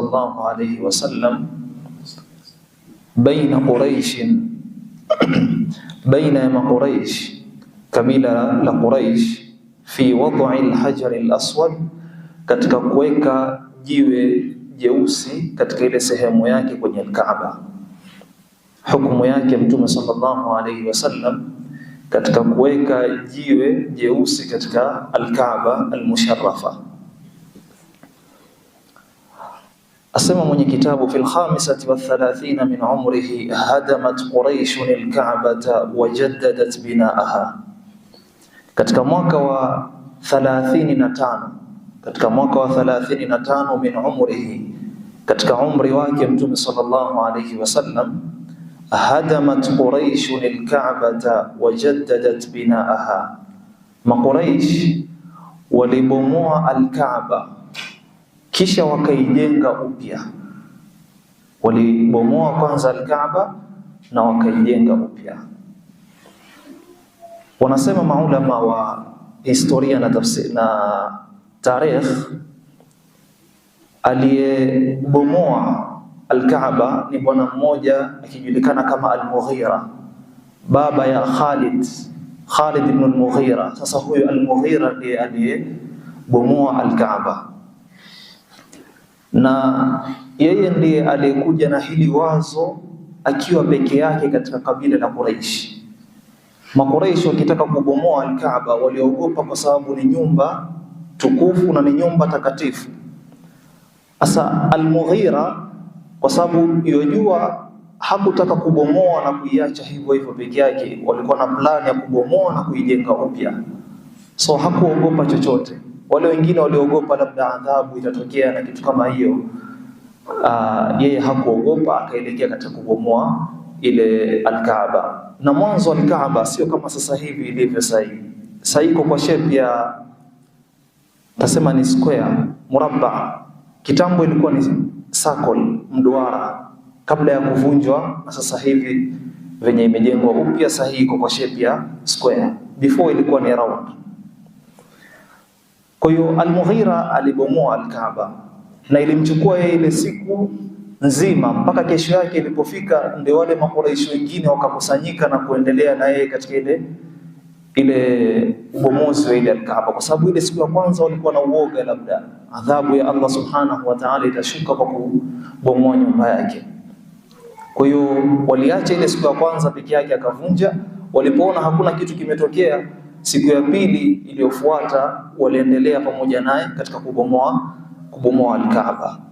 صلى الله عليه وسلم بين قريش بين ما قريش kabila la Quraish fi wad'i al-hajar al-aswad katika kuweka jiwe jeusi katika ile sehemu yake kwenye Kaaba. Hukumu yake Mtume sallallahu alayhi wasallam katika kuweka jiwe jeusi katika al-Kaaba al-musharrafa Asema mwenye kitabu fi lkhamisati wathalathina min umrihi hadamat quraishun lkaabata wajaddadat binaaha, katika mwaka wa 35 katika mwaka wa 35 min umrihi, katika umri wake Mtume sallallahu alayhi wasallam, hadamat quraishun lkaabata wajaddadat binaaha, maquraish walibomoa alkaaba kisha wakaijenga upya. Walibomoa kwanza Alkaaba na wakaijenga upya. Wanasema maulama wa historia na tafsir na tarikh, aliyebomoa Alkaaba ni bwana mmoja akijulikana kama Almughira, baba ya Khalid, Khalid ibn Almughira. Sasa huyo Almughira ndiye aliyebomoa Alkaaba na yeye ndiye aliyekuja na hili wazo akiwa peke yake katika kabila la Quraish. Makuraishi wakitaka kubomoa Alkaaba waliogopa kwa sababu ni nyumba tukufu na ni nyumba takatifu. Asa Almughira kwa sababu yojua hakutaka kubomoa na kuiacha hivyo hivyo peke yake, walikuwa na plani ya kubomoa na kuijenga upya, so hakuogopa chochote wale wengine waliogopa labda adhabu itatokea na kitu kama hiyo, ah, yeye hakuogopa akaelekea katika kubomoa ile Alkaaba. Na mwanzo Alkaaba sio kama sasa hivi ilivyo sasa hivi. Sasa iko kwa shape ya tasema ni square, murabba. Kitambo ilikuwa ni circle, mduara kabla ya kuvunjwa, na sasa hivi venye imejengwa upya sahihi iko kwa shape ya square. Before ilikuwa ni round. Kwa hiyo Al-Mughira alibomoa Al-Kaaba na ilimchukua yeye ile siku nzima mpaka kesho yake ilipofika, ndio wale makuraishi wengine wakakusanyika na kuendelea na yeye katika ile ile ubomozi wa ile Kaaba, kwa sababu ile siku ya kwanza walikuwa na uoga, labda adhabu ya Allah subhanahu wa ta'ala itashuka kwa kubomoa nyumba yake. Kwa hiyo waliacha ile siku ya kwanza peke yake, akavunja. Walipoona hakuna kitu kimetokea Siku ya pili iliyofuata waliendelea pamoja naye katika kubomoa kubomoa Alkaaba.